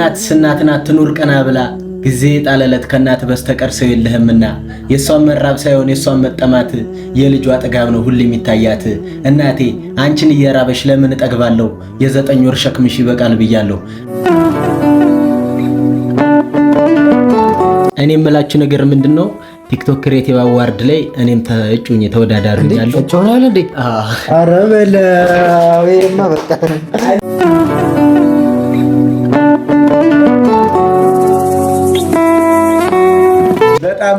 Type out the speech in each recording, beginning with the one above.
እናትስ እናትን አትኑር ቀና ብላ ጊዜ ጣለለት ከእናት በስተቀር ሰው የለህምና የእሷን መራብ ሳይሆን የእሷን መጠማት የልጇ ጥጋብ ነው ሁሌ የሚታያት። እናቴ አንቺን እየራበሽ ለምን እጠግባለሁ? የዘጠኝ ወር ሸክምሽ ይበቃል ብያለሁ። እኔ የምላችሁ ነገር ምንድን ነው? ቲክቶክ ክሬቲቭ አዋርድ ላይ እኔም ተእጩኝ ተወዳዳሪ ያለሁ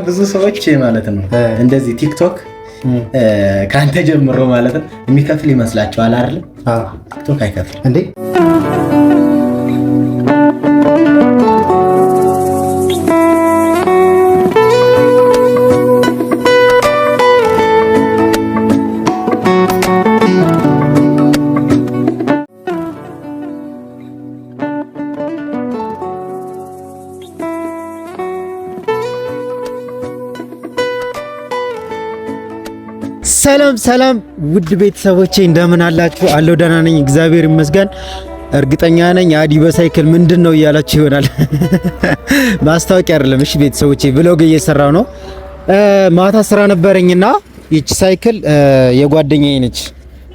ብዙ ሰዎች ማለት ነው እንደዚህ ቲክቶክ ከአንተ ጀምሮ ማለት ነው የሚከፍል ይመስላቸዋል አይደል? ቲክቶክ አይከፍል እንዴ? ሰላም ውድ ቤተሰቦቼ እንደምን አላችሁ? አለው ደህና ነኝ እግዚአብሔር ይመስገን። እርግጠኛ ነኝ አዲ በሳይክል ምንድን ነው እያላችሁ ይሆናል። ማስታወቂያ አይደለም እሺ ቤተሰቦቼ፣ ብሎግ እየሰራው ነው። ማታ ስራ ነበረኝና ይቺ ሳይክል የጓደኛዬ ነች።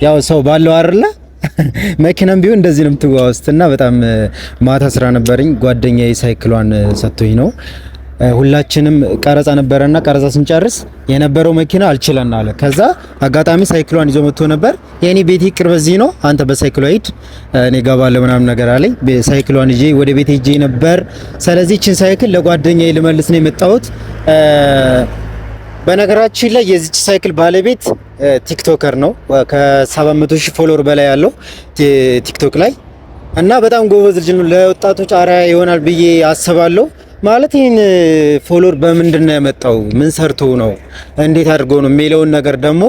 ያው ሰው ባለው አይደለ መኪናም ቢሆን እንደዚህ ነው የምትዋወስትና በጣም ማታ ስራ ነበረኝ። ጓደኛዬ ሳይክሏን ሰጥቶኝ ነው ሁላችንም ቀረጻ ነበረና ቀረጻ ስንጨርስ የነበረው መኪና አልችለና አለ። ከዛ አጋጣሚ ሳይክሏን ይዞ መጥቶ ነበር። የኔ ቤት ቅርብ እዚህ ነው፣ አንተ በሳይክሏ ሂድ፣ እኔ እገባለሁ ምናምን ነገር አለኝ። ሳይክሏን ይዤ ወደ ቤት ሂጄ ነበር። ስለዚህ ይህችን ሳይክል ለጓደኛዬ ልመልስ ነው የመጣሁት። በነገራችን ላይ የዚች ሳይክል ባለቤት ቲክቶከር ነው። ከ700 ሺህ ፎሎወር በላይ ያለው ቲክቶክ ላይ እና በጣም ጎበዝ ልጅ ነው። ለወጣቶች አርአያ ይሆናል ብዬ አስባለሁ። ማለት ይህን ፎሎር በምንድን ነው ያመጣው? ምን ሰርቶ ነው? እንዴት አድርጎ ነው የሚለውን ነገር ደግሞ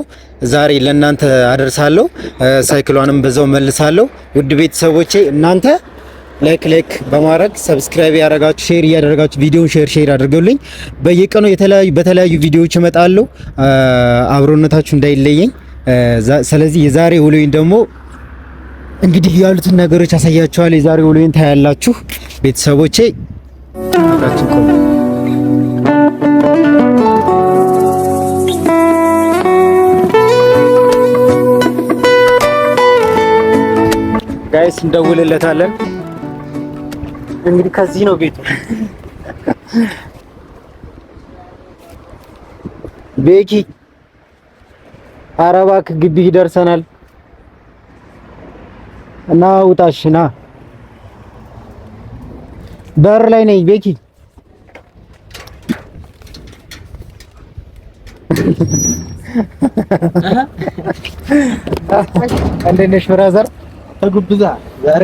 ዛሬ ለእናንተ አደርሳለሁ። ሳይክሏንም በዛው መልሳለሁ። ውድ ቤተሰቦቼ እናንተ ላይክ ላይክ በማድረግ ሰብስክራይብ ያደረጋችሁ ሼር እያደረጋችሁ ቪዲዮውን ሼር ሼር አድርገውልኝ። በየቀኑ የተለያዩ በተለያዩ ቪዲዮዎች እመጣለሁ። አብሮነታችሁ እንዳይለየኝ። ስለዚህ የዛሬ ውሎዬን ደግሞ እንግዲህ ያሉትን ነገሮች አሳያችኋለሁ። የዛሬ ውሎዬን ታያላችሁ ቤተሰቦቼ። አብራችን ቆሙ። ጋይስ እንደውልለታለን። እንግዲህ ከዚህ ነው ቤቱ። ቤኪ ኧረ ግቢ ይደርሰናል እና ውጣሽ በር ላይ ነኝ ቤኪ እንዴት ነሽ ብራዘር? ተጉብዛ ዛሬ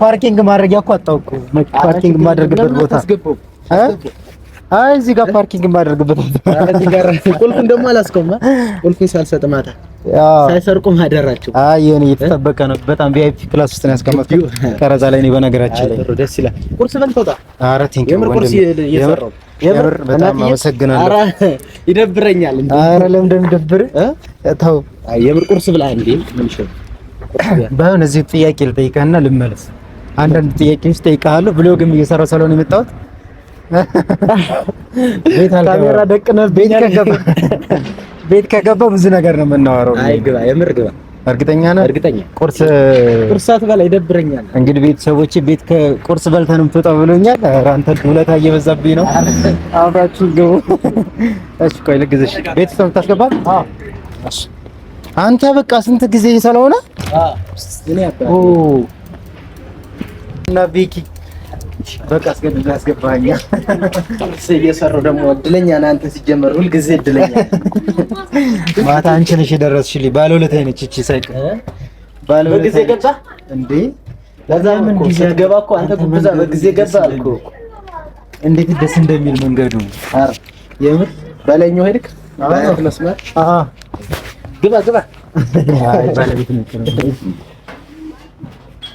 ፓርኪንግ ማድረጊያ እኮ አጣሁ እኮ ፓርኪንግ የማደርግበት ቦታ አይ እዚህ ጋር ፓርኪንግ የማደርግበት ቦታ ቁልፍ ደግሞ አላስቀውም። ቁልፉን ሳልሰጥ ማታ ሳይሰርቁ ማደራቸው። አይ የሆነ እየተጠበቀ ነው። በጣም ቪአይፒ ክላስ ውስጥ ነው ያስቀመጥኩት ቀረጻ ላይ ነው። በነገራችን ላይ ደስ ይላል። ቁርስ በልተውጣ። ኧረ ቴንክ ዩ ወንድሜ፣ የምር በጣም አመሰግናለሁ። ይደብረኛል። ኧረ ለምን እንደሚደብር ተው። የምር ቁርስ ብላ እንዴ። ባይሆን እዚህ ጥያቄ ልጠይቅህና ልመለስ። አንዳንድ ጥያቄዎች እጠይቅሃለሁ። ብሎግም እየሰራሁ ስለሆነ የመጣሁት ቤት አልገባም። ካሜራ ደቅነህ ቤት ከገባህ ቤት ከገባ ብዙ ነገር ነው የምናወራው። አይ ግባ፣ የምር ግባ። እርግጠኛ ነህ? እርግጠኛ ቁርስ ቁርሳት ሳትበላ ይደብረኛል። እንግዲህ ቤተሰቦቼ ቤት ከቁርስ በልተን የምትወጣው ብሎኛል። ኧረ አንተ ውለታ እየበዛብኝ ነው። አብራችሁ ግቡ። እሺ ቆይ ልግዝሽ። ቤተሰብ ታስገባ። አንተ በቃ ስንት ጊዜ ስለሆነ እና ቤኪ በቃ አስገድዶ ያስገባኝ እየሰሩ ደግሞ እድለኛ ነህ አንተ። ሲጀመር ሁልጊዜ እድለኛ ማታ አንቺ ነሽ የደረስሽልኝ። ባለውለታዬ ነች እቺ ሳይቅ በጊዜ ገባ እንዴ? ለዛም እንዲህ ሲያገባ እኮ አንተ ጉብዛ በጊዜ ገባ አልኩ። እንዴት ደስ እንደሚል መንገዱ። አረ የምር በላይኛው ሄድክ መስመር ግባ ግባ አይ ነው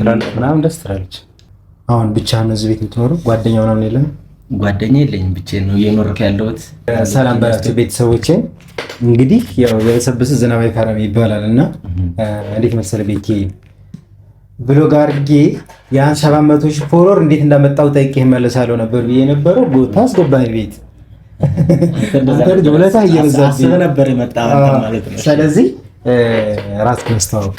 ምናምን ደስ ትላለች። አሁን ብቻ ነው እዚህ ቤት የምትኖረው ጓደኛ ምናምን የለም? ጓደኛ የለኝም፣ ብቻዬን ነው እየኖርኩ ያለሁት። ሰላም በላቸው ቤተሰቦቼ። እንግዲህ ያው የበሰበሰ ዝናብ አይፈራም ይባላል እና እንዴት መሰለ ቤቴ ብሎግ አድርጌ ያን ሰባት መቶ ሺህ ፎሎወር እንዴት እንዳመጣው ጠይቄህ መለሳለሁ ነበር ብዬ ነበረው። ቦታ አስገባኝ ቤት ሁለታ እየበዛ ማለት ነው። ስለዚህ ራስ አስተዋውቅ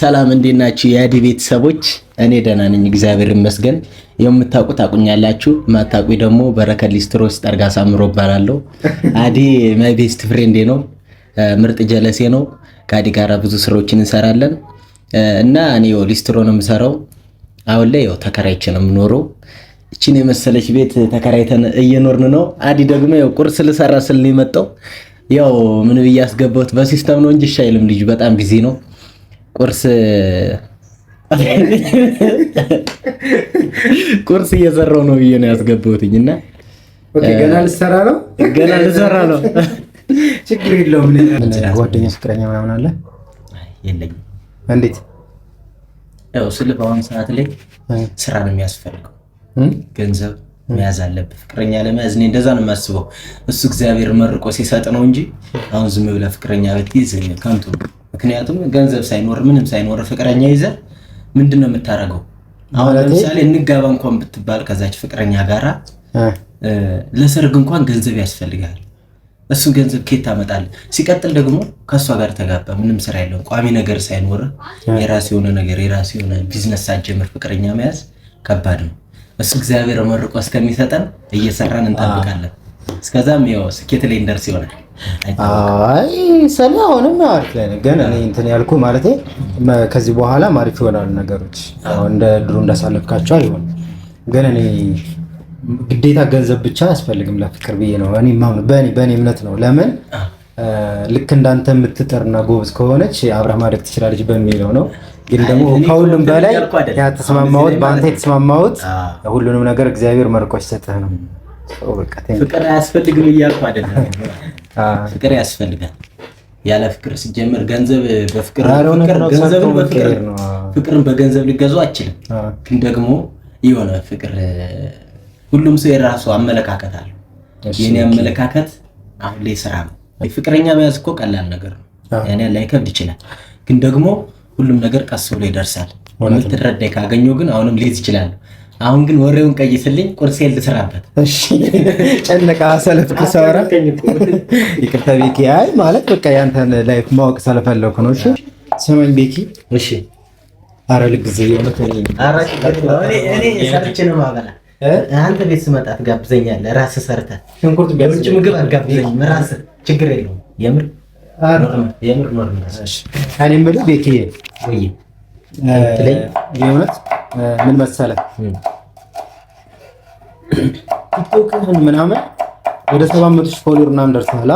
ሰላም እንዴት ናችሁ? የአዲ ቤተሰቦች እኔ ደህና ነኝ፣ እግዚአብሔር ይመስገን። የምታውቁ ታቁኛላችሁ፣ ማታውቁ ደግሞ በረከት ሊስትሮ ውስጥ ጠርጋ ሳምሮ እባላለሁ። አዲ ማይ ቤስት ፍሬንዴ ነው፣ ምርጥ ጀለሴ ነው። ከአዲ ጋራ ብዙ ስራዎችን እንሰራለን እና እኔ ሊስትሮ ነው የምሰራው። አሁን ላይ ያው ተከራይቼ ነው የምኖረው። እችን የመሰለች ቤት ተከራይተን እየኖርን ነው። አዲ ደግሞ ያው ቁርስ ልሰራ ስል ነው የመጣው። ያው ምን ብዬ አስገባሁት በሲስተም ነው እንጂ ሻይልም ልጁ በጣም ቢዚ ነው ቁርስ ቁርስ እየሰራው ነው ብዬ ነው ያስገባሁትኝ እና ገና ልሰራ ነው ገና ልሰራ ነው። ችግር የለውም። ጓደኛ ፍቅረኛ ምናምን አለ የለኝም። እንዴት ያው ስል በአሁኑ ሰዓት ላይ ስራ ነው የሚያስፈልገው፣ ገንዘብ መያዝ አለብህ ፍቅረኛ ለመያዝ። እኔ እንደዛ ነው የማስበው። እሱ እግዚአብሔር መርቆ ሲሰጥ ነው እንጂ አሁን ዝም ብለህ ፍቅረኛ በት ከንቱ ነው። ምክንያቱም ገንዘብ ሳይኖር ምንም ሳይኖር ፍቅረኛ ይዘ ምንድን ነው የምታደርገው? አሁን ለምሳሌ እንጋባ እንኳን ብትባል ከዛች ፍቅረኛ ጋራ ለሰርግ እንኳን ገንዘብ ያስፈልጋል። እሱ ገንዘብ ኬት ታመጣለህ? ሲቀጥል ደግሞ ከእሷ ጋር ተጋባ፣ ምንም ስራ የለውም፣ ቋሚ ነገር ሳይኖር የራስ የሆነ ነገር የራስ የሆነ ቢዝነስ ሳትጀምር ፍቅረኛ መያዝ ከባድ ነው። እሱ እግዚአብሔር መርቆ እስከሚሰጠን እየሰራን እንጠብቃለን። እስከዛም ያው ስኬት ላይ እንደርስ ይሆናል። አይ ሰላ አሁንም አሪፍ ላይ ነው፣ ግን እኔ እንትን ያልኩ ማለት ከዚህ በኋላ አሪፍ ይሆናሉ ነገሮች። እንደ ድሮ እንዳሳለፍካቸው አይሆን፣ ግን እኔ ግዴታ ገንዘብ ብቻ አያስፈልግም ለፍቅር ብዬ ነው እኔ ማምነው፣ በእኔ በእኔ እምነት ነው። ለምን ልክ እንዳንተ የምትጠርና ጎበዝ ከሆነች አብረህ ማድረግ ትችላለች በሚለው ነው። ግን ደግሞ ከሁሉም በላይ ያተስማማሁት በአንተ የተስማማሁት ሁሉንም ነገር እግዚአብሔር መርቆች ሰጥህ ነው። ፍቅር አያስፈልግም እያልኩ አይደለም ፍቅር ያስፈልጋል። ያለ ፍቅር ሲጀምር ገንዘብ በፍቅር ፍቅርን በገንዘብ ሊገዙ አይችልም። ግን ደግሞ የሆነ ፍቅር ሁሉም ሰው የራሱ አመለካከት አለው። የኔ አመለካከት አሁን ላይ ስራ ነው። ፍቅረኛ መያዝ እኮ ቀላል ነገር ነው፣ ያኔ ላይከብድ ይችላል። ግን ደግሞ ሁሉም ነገር ቀስ ብሎ ይደርሳል። የምትረዳኝ ካገኘሁ ግን አሁንም ልይዝ ይችላለሁ። አሁን ግን ወሬውን ቀይስልኝ፣ ቁርሴ ልስራበት። እሺ ጨነቃ ሰለፍኩ ሰራ ይቅርታ ቤኪ። አይ ማለት በቃ ያንተን ላይፍ ማወቅ ስለፈለኩ ነው። እሺ ስማኝ ቤኪ። እሺ አረ ልግዜ የሆነት ነው ማበላ። አንተ ቤት ስመጣ ትጋብዘኛለህ፣ ራስ ሰርተ ሽንኩርት ምግብ አትጋብዘኝም፣ ራስ ችግር የለውም። የምር የምር ኖር እኔ የምልህ ቤኪ የእውነት ምን መሰለህ ቲክቶክህን ምናምን ወደ 700 ሺህ ፎሎወር ምናምን ደርሰሃል።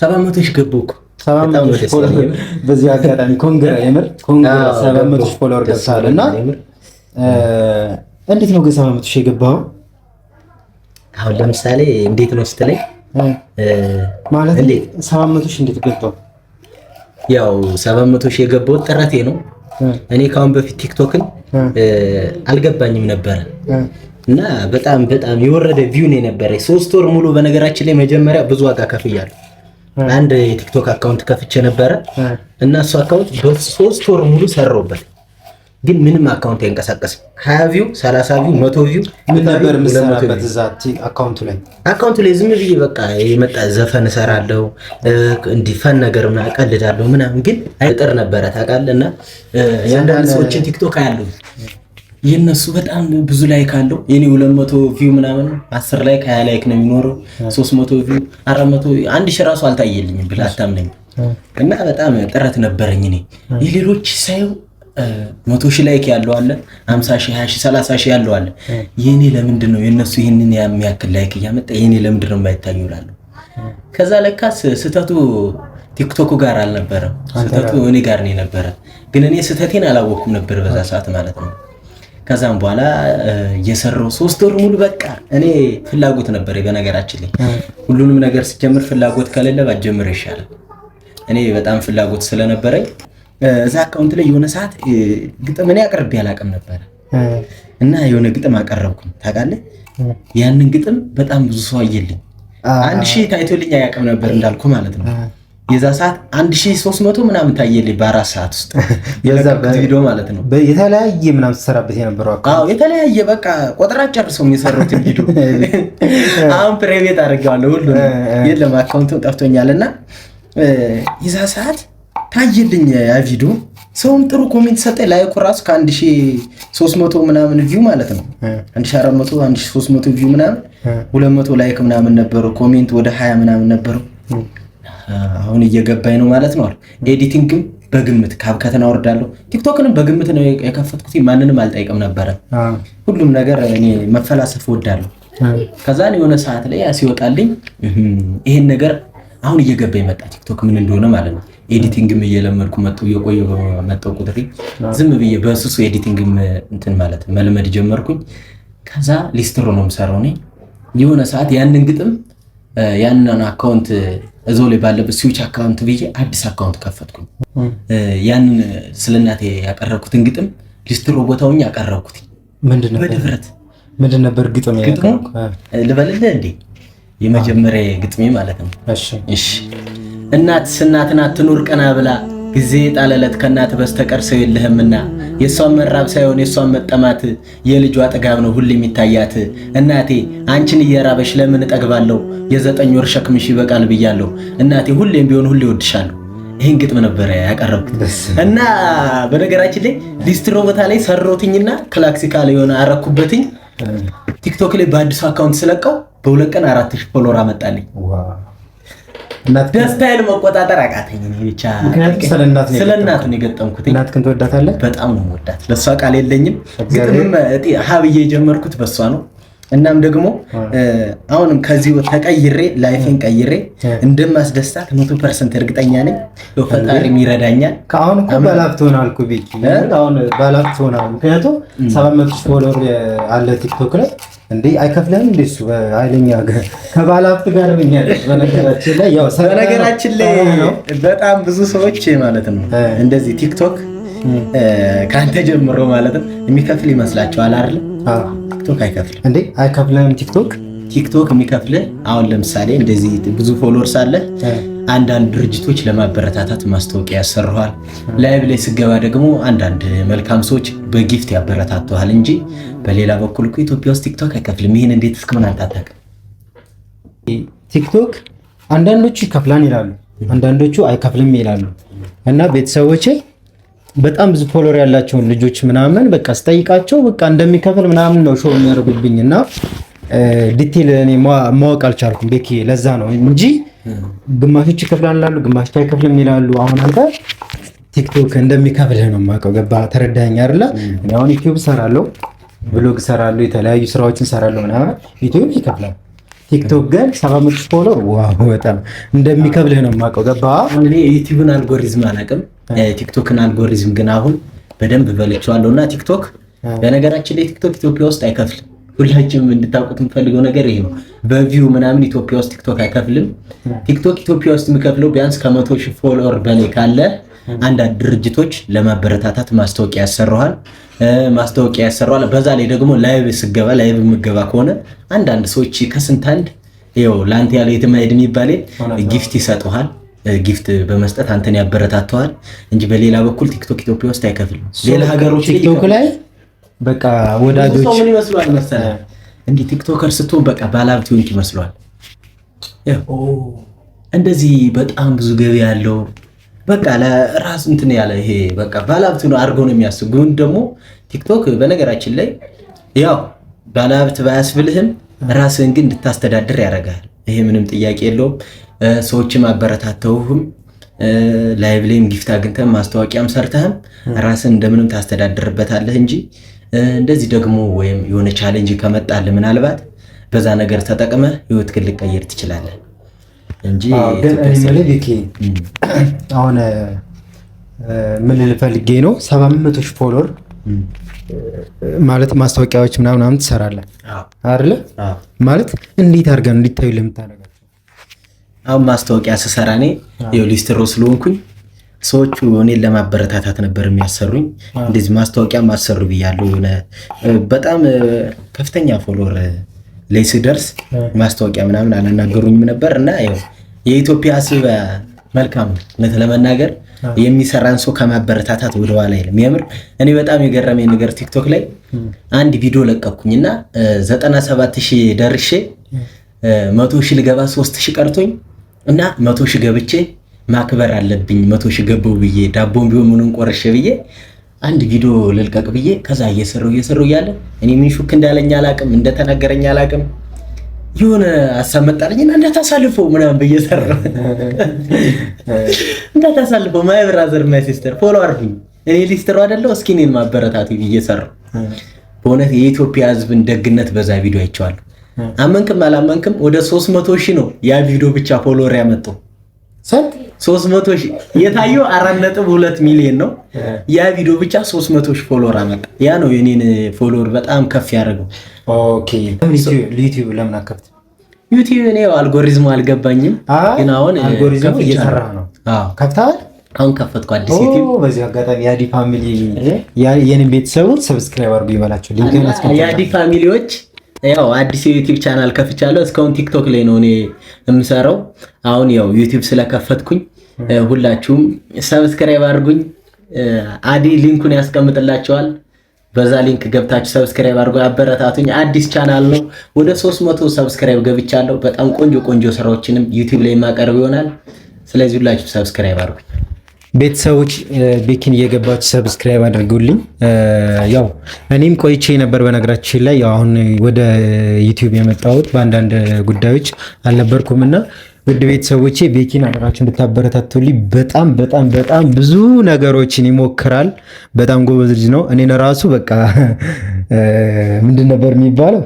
700 ሺህ ገባሁ እኮ 700 ሺህ ፎሎወር። በዚህ አጋጣሚ ኮንግራ የምር ኮንግራ 700 ሺህ ፎሎወር ደርሰሃል። እና እንዴት ነው ግን 700 ሺህ የገባኸው? አሁን ለምሳሌ እንዴት ነው ስትለኝ ማለት እንዴት 700 ሺህ እንዴት ገባው? ያው 700 ሺህ የገባሁት ጥረቴ ነው። እኔ ከአሁን በፊት ቲክቶክን አልገባኝም ነበረ እና በጣም በጣም የወረደ ቪው ነው የነበረ። ሶስት ወር ሙሉ በነገራችን ላይ መጀመሪያ ብዙ ዋጋ ከፍያለሁ። አንድ የቲክቶክ አካውንት ከፍቼ ነበረ እና እሱ አካውንት በሶስት ወር ሙሉ ሰራሁበት፣ ግን ምንም አካውንት አይንቀሳቀስም። ሀያ ቪው፣ ሰላሳ ቪው፣ መቶ ቪው ምን ነበር የምሰራበት እዛ አካውንቱ ላይ አካውንቱ ላይ ዝም ብዬ በቃ የመጣ ዘፈን እሰራለሁ፣ እንዲፈን ነገር ምናምን እቀልዳለሁ ምናምን፣ ግን አይጥር ነበረ ታውቃለህ። እና የአንዳንድ ሰዎችን ቲክቶክ አያለሁ የነሱ በጣም ብዙ ላይክ አለው። የኔ 200 ቪው ምናምን 10 ላይክ 20 ላይክ ነው የሚኖረው። 300 ቪው 400 አንድ ሺህ ራሱ አልታየልኝም ብለህ አታምነኝ። እና በጣም ጥረት ነበረኝ እኔ የሌሎች ሳይው 100 ሺህ ላይክ ያለው አለ 50 ሺህ 20 ሺህ 30 ሺህ ያለው አለ። የኔ ለምንድን ነው የነሱ ይህንን የሚያክል ላይክ እያመጣ የኔ ለምንድን ነው የማይታየው እላለሁ። ከዛ ለካስ ስህተቱ ቲክቶኩ ጋር አልነበረም፣ ስህተቱ እኔ ጋር ነው የነበረ። ግን እኔ ስህተቴን አላወቅኩም ነበር በዛ ሰዓት ማለት ነው ከዛም በኋላ የሰራው ሶስት ወር ሙሉ በቃ እኔ ፍላጎት ነበር። በነገራችን ላይ ሁሉንም ነገር ስጀምር ፍላጎት ከሌለ ባጀምር ይሻላል። እኔ በጣም ፍላጎት ስለነበረኝ እዛ አካውንት ላይ የሆነ ሰዓት ግጥም እኔ አቅርቤ አላቅም ነበረ እና የሆነ ግጥም አቀረብኩኝ ታውቃለህ። ያንን ግጥም በጣም ብዙ ሰው አየልኝ። አንድ ሺህ ታይቶልኝ አያቅም ነበር እንዳልኩ ማለት ነው የዛ ሰዓት 1300 ምናምን ታየልኝ በአራት ሰዓት ውስጥ ቪዲዮ ማለት ነው። የተለያየ ምናምን ትሰራበት የነበረው አዎ፣ የተለያየ በቃ ቆጥራ ጨርሰው የሚሰሩት ቪዲዮ አሁን ፕራይቬት አድርጌዋለሁ ሁሉ የለም አካውንቱ ጠፍቶኛል። እና የዛ ሰዓት ታየልኝ ያ ቪዲዮ ሰውን ጥሩ ኮሜንት ሰጠ። ላይኩ ራሱ ከ1300 ምናምን ቪው ማለት ነው 1400 1300 ቪው ምናምን 200 ላይክ ምናምን ነበረው። ኮሜንት ወደ 20 ምናምን ነበረው አሁን እየገባኝ ነው ማለት ነው። ኤዲቲንግም በግምት ካብከትን አወርዳለሁ። ቲክቶክንም በግምት ነው የከፈትኩት። ማንንም አልጠይቅም ነበረ። ሁሉም ነገር እኔ መፈላሰፍ ወዳለሁ። ከዛን የሆነ ሰዓት ላይ ሲወጣልኝ ይሄን ነገር አሁን እየገባ መጣ፣ ቲክቶክ ምን እንደሆነ ማለት ነው። ኤዲቲንግም እየለመድኩ መጡ እየቆየ መጠው ቁጥሪ ዝም ብዬ በሱሱ ኤዲቲንግም እንትን ማለት መልመድ ጀመርኩኝ። ከዛ ሊስትሮ ነው የምሰራው እኔ። የሆነ ሰዓት ያንን ግጥም ያንን አካውንት እዛው ላይ ባለበት ስዊች አካውንት ብዬ አዲስ አካውንት ከፈትኩኝ። ያንን ስለ እናቴ ያቀረብኩትን ግጥም ሊስትሮ ቦታውኝ ያቀረብኩት በድፍረት ምንድን ነበር ግጥም ልበልልህ እንዴ? የመጀመሪያ ግጥሜ ማለት ነው። እናት ስናትን አትኑር ቀና ብላ ጊዜ ጣለለት ከእናት በስተቀር ሰው የለህምና የእሷን መራብ ሳይሆን የእሷን መጠማት የልጇ ጥጋብ ነው ሁሌ የሚታያት። እናቴ አንቺን እየራበሽ ለምን እጠግባለሁ? የዘጠኝ ወር ሸክምሽ ይበቃል ብያለሁ። እናቴ ሁሌም ቢሆን ሁሌ ይወድሻለሁ ይህን ግጥም ነበረ ያቀረብኩት እና በነገራችን ላይ ሊስትሮ ቦታ ላይ ሰሮትኝና ክላክሲካል የሆነ አረኩበትኝ ቲክቶክ ላይ በአዲሱ አካውንት ስለቀው በሁለት ቀን አራት ሺህ ፎሎወር አመጣልኝ። ደስታዬን መቆጣጠር አቃተኝ። ብቻ ምክንያቱም ስለ እናቱ ነው የገጠምኩት። እናትህን ትወዳታለህ? በጣም ነው የምወዳት። ለእሷ ቃል የለኝም። ግጥምም ሀብዬ የጀመርኩት በእሷ ነው እናም ደግሞ አሁንም ከዚህ ተቀይሬ ላይፌን ቀይሬ እንደማስደስታት መቶ ፐርሰንት እርግጠኛ ነኝ። ፈጣሪም ይረዳኛል። ከአሁን እኮ ባላፍ ትሆናል እኮ ቤኪ፣ አሁን ባላፍ ትሆናል። ምክንያቱም ሰባት መቶ ፎሎወር አለ ቲክቶክ ላይ እንዴ አይከፍልህም? እንደ እሱ ኃይለኛ ከባላፍት ጋር ብኛለች። በነገራችን ላይ በጣም ብዙ ሰዎች ማለት ነው እንደዚህ ቲክቶክ ከአንተ ጀምሮ ማለት ነው። የሚከፍል ይመስላቸዋል አይደል? ቲክቶክ አይከፍልም እንዴ? አይከፍልም ቲክቶክ ቲክቶክ የሚከፍልህ አሁን ለምሳሌ እንደዚህ ብዙ ፎሎወርስ አለ። አንዳንድ ድርጅቶች ለማበረታታት ማስታወቂያ ያሰርኋል። ላይቭ ላይ ስገባ ደግሞ አንዳንድ መልካም ሰዎች በጊፍት ያበረታተዋል እንጂ በሌላ በኩል ኢትዮጵያ ውስጥ ቲክቶክ አይከፍልም። ይህን እንዴት እስከምን አልታጠቅም? ቲክቶክ አንዳንዶቹ ይከፍላን ይላሉ፣ አንዳንዶቹ አይከፍልም ይላሉ እና ቤተሰቦቼ በጣም ብዙ ፎሎወር ያላቸውን ልጆች ምናምን በቃ ስጠይቃቸው በቃ እንደሚከፍል ምናምን ነው ሾው የሚያደርጉብኝ እና ዲቴል እኔ ማወቅ አልቻልኩም ቤኪ። ለዛ ነው እንጂ ግማሾች ይከፍላላሉ፣ ግማሾች አይከፍልም ይላሉ። አሁን አንተ ቲክቶክ እንደሚከፍልህ ነው የማውቀው። ገባህ? ተረዳኸኝ አይደለ? እኔ አሁን ዩቲዩብ እሰራለሁ፣ ብሎግ እሰራለሁ፣ የተለያዩ ስራዎችን እሰራለሁ ምናምን። ዩቲዩብ ይከፍላል። ቲክቶክ ግን ሰባ መቶ ፎሎወር ዋው፣ በጣም እንደሚከፍልህ ነው የማውቀው። ገባህ? እኔ ዩቲዩብን አልጎሪዝም አላውቅም ቲክቶክን አልጎሪዝም ግን አሁን በደንብ በልቼዋለሁ እና ቲክቶክ በነገራችን ላይ ቲክቶክ ኢትዮጵያ ውስጥ አይከፍልም። ሁላችንም እንድታውቁት የምፈልገው ነገር ይሄ ነው። በቪው ምናምን ኢትዮጵያ ውስጥ ቲክቶክ አይከፍልም። ቲክቶክ ኢትዮጵያ ውስጥ የሚከፍለው ቢያንስ ከመቶ ሺህ ፎሎወር በላይ ካለ አንዳንድ ድርጅቶች ለማበረታታት ማስታወቂያ ያሰራዋል ማስታወቂያ ያሰራዋል። በዛ ላይ ደግሞ ላይቭ ስገባ ላይቭ የምገባ ከሆነ አንዳንድ ሰዎች ከስንት አንድ ው ለአንተ ያለው የትማሄድ አይሄድም ጊፍት ይሰጠሃል። ጊፍት በመስጠት አንተን ያበረታተዋል እንጂ በሌላ በኩል ቲክቶክ ኢትዮጵያ ውስጥ አይከፍልም። ሌላ ሀገሮች ቲክቶክ ላይ በቃ ወዳጆች ምን ይመስሏል መሰለህ? እንዲህ ቲክቶከር ስትሆን በቃ ባለሀብት ሆንክ ይመስሏል። እንደዚህ በጣም ብዙ ገቢ ያለው በቃ ለራሱ እንትን ያለ ይሄ በቃ ባለሀብት አድርጎ ነው የሚያስብ። ግን ደግሞ ቲክቶክ በነገራችን ላይ ያው ባለሀብት ባያስብልህም ራስህን ግን እንድታስተዳድር ያደርጋል። ይሄ ምንም ጥያቄ የለውም። ሰዎችም አበረታተውህም ላይቭ ላይም ጊፍት አግኝተህም ማስታወቂያም ሰርተህም ራስን እንደምንም ታስተዳድርበታለህ እንጂ እንደዚህ ደግሞ ወይም የሆነ ቻሌንጅ ከመጣልህ ምናልባት በዛ ነገር ተጠቅመህ ህይወትህን ልትቀይር ትችላለህ እንጂ ግን አሁን ምን ልፈልጌ ነው ሰባ መቶ ሺህ ፎሎወር ማለት ማስታወቂያዎች ምናምን ምናምን ትሰራለህ አይደለ? ማለት እንዴት አድርገን እንዲታዩ ለምታደርገው አሁን ማስታወቂያ ስሰራ እኔ ሊስትሮ ስለሆንኩኝ ሰዎቹ እኔን ለማበረታታት ነበር የሚያሰሩኝ። እንደዚህ ማስታወቂያ ማሰሩ ብያለሁ። የሆነ በጣም ከፍተኛ ፎሎወር ላይ ስደርስ ማስታወቂያ ምናምን አላናገሩኝም ነበር እና የኢትዮጵያ መልካም ነት ለመናገር የሚሰራን ሰው ከማበረታታት ወደኋላ አይልም። የምር እኔ በጣም የገረመኝ ነገር ቲክቶክ ላይ አንድ ቪዲዮ ለቀኩኝ እና ዘጠና ሰባት ሺህ ደርሼ መቶ ሺህ ልገባ ሶስት ሺህ ቀርቶኝ እና መቶ ሺህ ገብቼ ማክበር አለብኝ። መቶ ሺህ ገባው ብዬ ዳቦም ቢሆን ምኑን ቆረሽ ብዬ አንድ ቪዲዮ ልልቀቅ ብዬ ከዛ እየሰራው እየሰራው እያለ እኔ ምን ሹክ እንዳለኝ አላቅም፣ እንደተነገረኝ አላቅም። የሆነ ሀሳብ መጣልኝና እንዳታሳልፈው ምናምን ብዬ ሰራው። እንዳታሳልፈው ማይ ብራዘር ማይ ሲስተር ፎሎ አርጉኝ። እኔ ሊስትሮ አይደለሁ እስኪ እኔን ማበረታቱ ብዬ ሰራው። በእውነት የኢትዮጵያ ሕዝብን ደግነት በዛ ቪዲዮ አይቼዋለሁ። አመንክም አላመንክም ወደ 300 ሺህ ነው ያ ቪዲዮ ብቻ ፎሎወር ያመጣው። ስንት 300 ሺህ የታየው 4.2 ሚሊዮን ነው። ያ ቪዲዮ ብቻ 300 ሺህ ፎሎወር አመጣ። ያ ነው የኔን ፎሎወር በጣም ከፍ ያደረገው። ኦኬ ዩቲዩብ ለምን አከፍት? ዩቲዩብ እኔ አልጎሪዝሙ አልገባኝም፣ ግን አሁን አልጎሪዝሙ እየሰራ ነው። አዎ ከፍታል አሁን ከፈትኩ አዲስ ዩቲዩብ። በዚህ አጋጣሚ የአዲ ፋሚሊ የኔን ቤተሰቡን ሰብስክራይብ አድርጉ ይበላቸው። የአዲ ፋሚሊዎች ያው አዲስ የዩቲዩብ ቻናል ከፍቻለሁ። እስካሁን ቲክቶክ ላይ ነው እኔ የምሰራው። አሁን ያው ዩቲዩብ ስለከፈትኩኝ ሁላችሁም ሰብስክራይብ አድርጉኝ። አዲ ሊንኩን ያስቀምጥላቸዋል። በዛ ሊንክ ገብታችሁ ሰብስክራይብ አድርጉ፣ አበረታቱኝ። አዲስ ቻናል ነው። ወደ 300 ሰብስክራይብ ገብቻለሁ። በጣም ቆንጆ ቆንጆ ስራዎችንም ዩቲዩብ ላይ የማቀርብ ይሆናል። ስለዚህ ሁላችሁ ሰብስክራይብ አድርጉኝ። ቤተሰቦች ቤኪን እየገባች ሰብስክራይብ አድርጉልኝ። ያው እኔም ቆይቼ ነበር በነገራችን ላይ አሁን ወደ ዩቲዩብ የመጣሁት በአንዳንድ ጉዳዮች አልነበርኩም እና ውድ ቤተሰቦቼ ቤኪን አብራችሁ እንድታበረታቱልኝ በጣም በጣም በጣም ብዙ ነገሮችን ይሞክራል። በጣም ጎበዝ ልጅ ነው። እኔን ራሱ በቃ ምንድን ነበር የሚባለው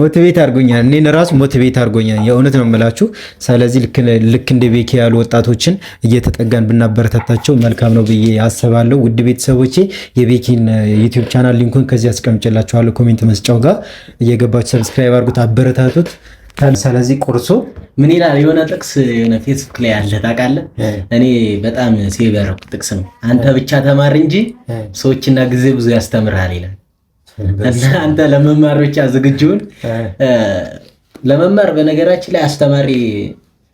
ሞቲቬት አድርጎኛል። እኔን ራሱ ሞቲቬት አድርጎኛል። የእውነት ነው የምላችሁ። ስለዚህ ልክ እንደ ቤኪ ያሉ ወጣቶችን እየተጠጋን ብናበረታታቸው መልካም ነው ብዬ አስባለሁ። ውድ ቤተሰቦቼ የቤኪን ዩቲዩብ ቻናል ሊንኩን ከዚህ አስቀምጭላችኋለሁ ኮሜንት መስጫው ጋር እየገባችሁ ሰብስክራይብ አድርጉት፣ አበረታቱት። ስለዚህ ቁርሱ ምን ይላል? የሆነ ጥቅስ የሆነ ፌስቡክ ላይ አለ ታውቃለህ? እኔ በጣም ሲበረው ጥቅስ ነው። አንተ ብቻ ተማር እንጂ ሰዎችና ጊዜ ብዙ ያስተምርሃል ይላል። እና አንተ ለመማር ብቻ ዝግጁን ለመማር በነገራችን ላይ አስተማሪ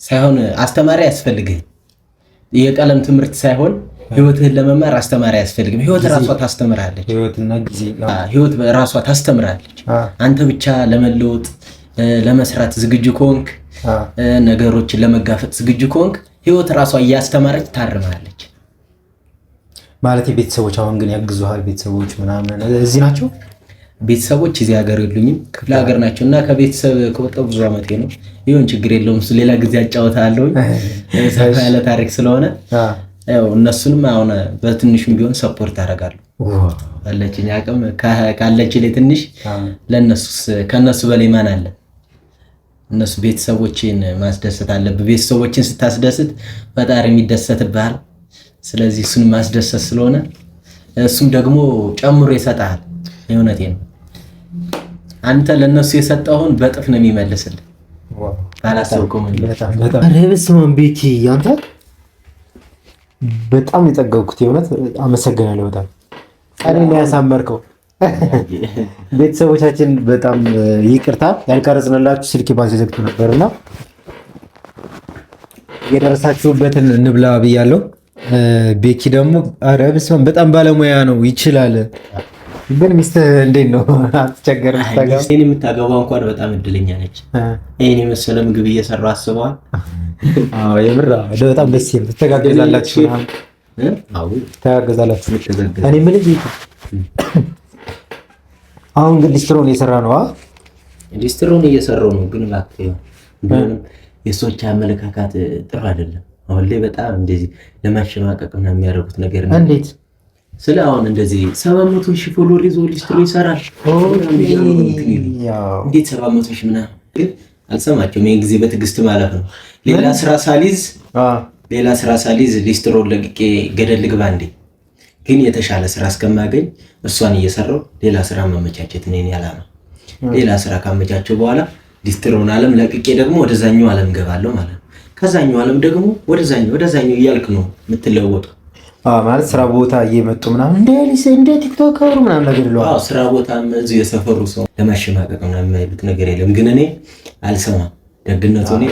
ሳይሆን አስተማሪ አያስፈልግህም። የቀለም ትምህርት ሳይሆን ህይወትህን ለመማር አስተማሪ አያስፈልግም። ህይወት ራሷ ታስተምራለች። ህይወት ራሷ ታስተምራለች። አንተ ብቻ ለመለወጥ ለመስራት ዝግጁ ከሆንክ፣ ነገሮችን ለመጋፈጥ ዝግጁ ከሆንክ ህይወት እራሷ እያስተማረች ታርማለች። ማለት ቤተሰቦች አሁን ግን ያግዙሃል? ቤተሰቦች ምናምን እዚህ ናቸው? ቤተሰቦች እዚህ ሀገር የሉኝም፣ ክፍለ ሀገር ናቸው እና ከቤተሰብ ከወጣሁ ብዙ ዓመቴ ነው። ይሁን ችግር የለውም፣ ሌላ ጊዜ አጫውታለሁ። ሰፋ ያለ ታሪክ ስለሆነ እነሱንም አሁን በትንሹም ቢሆን ሰፖርት አደርጋለሁ ባለችኝ አቅም ካለች ላይ ትንሽ ለነሱ ከነሱ በላይ ማን አለ? እነሱ ቤተሰቦችን ማስደሰት አለብህ። ቤተሰቦችን ስታስደስት ፈጣሪ የሚደሰትብሃል። ስለዚህ እሱን ማስደሰት ስለሆነ እሱም ደግሞ ጨምሮ ይሰጥሃል። የእውነቴ ነው። አንተ ለእነሱ የሰጠውን በጥፍ ነው የሚመልስልህ። አላሰብኩም። ቤቲ አንተ በጣም የጠገብኩት የእውነት አመሰግናለሁ። በጣም ቀኔን ያሳመርከው ቤተሰቦቻችን በጣም ይቅርታ ያልቀረጽንላችሁ ስልክ ባንክ ዘግቶ ነበርና የደረሳችሁበትን እንብላ ብያለሁ። ቤኪ ደግሞ ኧረ በስመ አብ በጣም ባለሙያ ነው ይችላል። ግን ሚስት እንዴት ነው? አትቸገርም? ሚስቴን የምታገባ እንኳን በጣም እድለኛ ነች። ይህን የመሰለ ምግብ እየሰራ አስበዋል። የምር በጣም ደስ ይላል። ትተጋገዛላችሁ። እኔ የምልህ አሁን ግን ዲስትሮን እየሰራ ነው። ዲስትሮን እየሰራ ነው። ግን እባክህ የሰዎች አመለካከት ጥሩ አይደለም። አሁን ላይ በጣም እንደዚህ ለማሸማቀቅ እና የሚያደርጉት ነገር ነው። እንዴት ስለ አሁን እንደዚህ ሰባት መቶ ሺህ ፎሎወር ይዞ ሊስትሮ ይሰራል። እንዴት ሰባት መቶ ሺህ ምናምን ግን አልሰማቸውም። ይህን ጊዜ በትዕግስት ማለት ነው። ሌላ ስራ ሳሊዝ ሌላ ስራ ሳሊዝ ሊስትሮ ለቅቄ ገደል ግባ እንዴ ግን የተሻለ ስራ እስከማገኝ እሷን እየሰራው ሌላ ስራ መመቻቸት ያላ ነው። ሌላ ስራ ካመቻቸው በኋላ ዲስትሮን አለም ለቅቄ ደግሞ ወደዛኛው አለም ገባለሁ ማለት ነው። ከዛኛው አለም ደግሞ ወደዛኛው ወደዛኛው እያልክ ነው የምትለወጡ ማለት ስራ ቦታ እየመጡ ምናምን እንደ ቲክቶክ አብሮ ምናምን ነገር ይለዋል። ስራ ቦታ እዚሁ የሰፈሩ ሰው ለማሸማቀቅ ምናምን የማይሉት ነገር የለም። ግን እኔ አልሰማም። ደግነቱ እኔ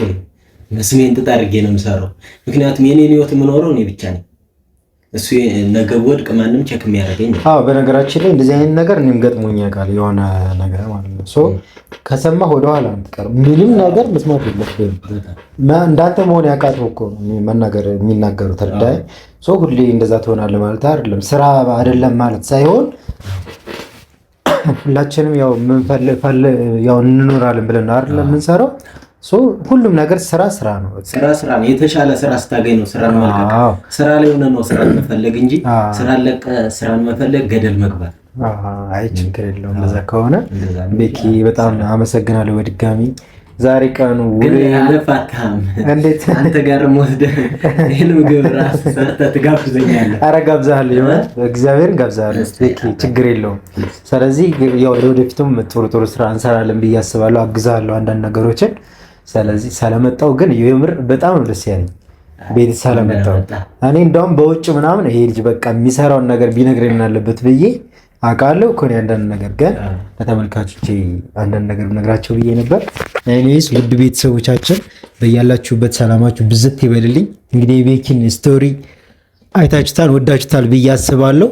መስሜን ጥጥ አድርጌ ነው የምሰራው። ምክንያቱም የኔን ህይወት የምኖረው እኔ ብቻ ነኝ። እሱ ነገ ወድቅ ማንም ቼክ የሚያደርገኝ። በነገራችን ላይ እንደዚህ አይነት ነገር እኔም ገጥሞኝ ያውቃል። የሆነ ነገር ማለት ነው ሶ ከሰማህ ወደኋላ አትቀርም። ምንም ነገር መስማት የለብህም። እንዳንተ መሆን ያውቃተው እኮ መናገር የሚናገሩ ሶ ሁሌ እንደዛ ትሆናለህ ማለት አይደለም፣ ስራ አይደለም ማለት ሳይሆን ሁላችንም ያው እንኖራለን ብለን አይደለም የምንሰራው ሁሉም ነገር ስራ ስራ ነው። ስራ ስራ ነው። የተሻለ ስራ ስታገኝ ነው ስራን መልቀቅ። ስራ ላይ ሆነ ነው ስራን መፈለግ እንጂ ስራን ለቀ ስራን መፈለግ ገደል መግባት። አይ ችግር የለውም። እንደዛ ከሆነ ቤኪ በጣም አመሰግናለሁ በድጋሚ ዛሬ ቀኑ አለፋታም። አንተ ጋር ወስደህ ይህን ምግብ ራስ ትጋብዘኛለህ? ኧረ ጋብዛለሁ፣ የሆነ እግዚአብሔር ጋብዛለሁ። ችግር የለውም። ስለዚህ ያው ለወደፊቱም ጥሩ ጥሩ ስራ እንሰራለን ብዬ አስባለሁ። አግዛለሁ አንዳንድ ነገሮችን ስለዚህ ስለመጣው ግን የምር በጣም ደስ ያለኝ። ቤት ስለመጣው እኔ እንደውም በውጭ ምናምን ይሄ ልጅ በቃ የሚሰራውን ነገር ቢነግረኝ ምን አለበት ብዬ አውቃለሁ እኮ እኔ አንዳንድ ነገር ግን ለተመልካቾቼ አንዳንድ ነገር ብነግራቸው ብዬ ነበር። እኔስ ውድ ቤተሰቦቻችን በያላችሁበት ሰላማችሁ ብዝት ይበልልኝ። እንግዲህ የቤኪን ስቶሪ አይታችሁታል፣ ወዳችሁታል ብዬ አስባለሁ።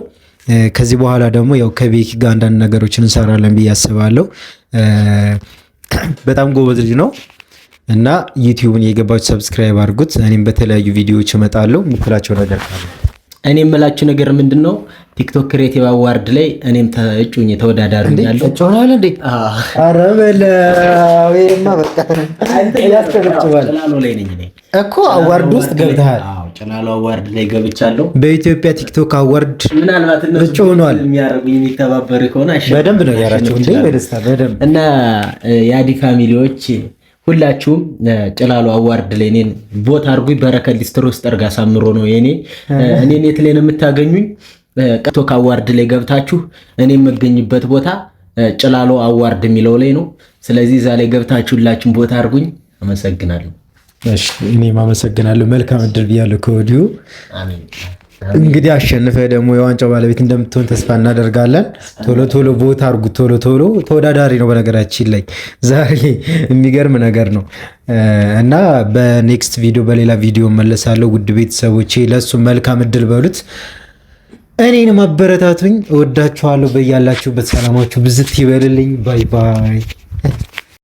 ከዚህ በኋላ ደግሞ ያው ከቤኪ ጋር አንዳንድ ነገሮችን እንሰራለን ብዬ አስባለሁ። በጣም ጎበዝ ልጅ ነው። እና ዩቲዩብን የገባችሁ ሰብስክራይብ አድርጉት። እኔም በተለያዩ ቪዲዮዎች እመጣለሁ። ምክላቸው ነገር ካለ እኔ የምላችሁ ነገር ምንድን ነው፣ ቲክቶክ ክሬቲቭ አዋርድ ላይ እኔም እጩኝ ተወዳዳሪ ያለው እኮ አዋርድ ውስጥ ገብተሃል። ጭላሎ አዋርድ ላይ ገብቻለሁ። በኢትዮጵያ ቲክቶክ አዋርድ ምናልባት እጩ ሆኗል። የሚተባበር ከሆነ በደንብ ነው ያራቸው በደስታ በደንብ እና የአዲ ፋሚሊዎች ሁላችሁም ጭላሎ አዋርድ ላይ እኔን ቦታ አድርጉኝ። በረከት ሊስትሮ ውስጥ ጠርጋ ሳምሮ ነው የኔ እኔ ኔት ላይ ነው የምታገኙኝ? ቲክቶክ አዋርድ ላይ ገብታችሁ እኔ የምገኝበት ቦታ ጭላሎ አዋርድ የሚለው ላይ ነው። ስለዚህ እዛ ላይ ገብታችሁ ሁላችሁም ቦታ አድርጉኝ። አመሰግናለሁ። እኔም አመሰግናለሁ። መልካም እድል ብያለሁ ከወዲሁ እንግዲህ አሸንፈ ደግሞ የዋንጫው ባለቤት እንደምትሆን ተስፋ እናደርጋለን። ቶሎ ቶሎ ቦታ አርጉ። ቶሎ ቶሎ ተወዳዳሪ ነው። በነገራችን ላይ ዛሬ የሚገርም ነገር ነው እና በኔክስት ቪዲዮ በሌላ ቪዲዮ መለሳለሁ። ውድ ቤተሰቦቼ ለእሱ መልካም እድል በሉት። እኔን ማበረታቱኝ። እወዳችኋለሁ። በያላችሁበት ሰላማችሁ ብዝት ይበልልኝ። ባይ ባይ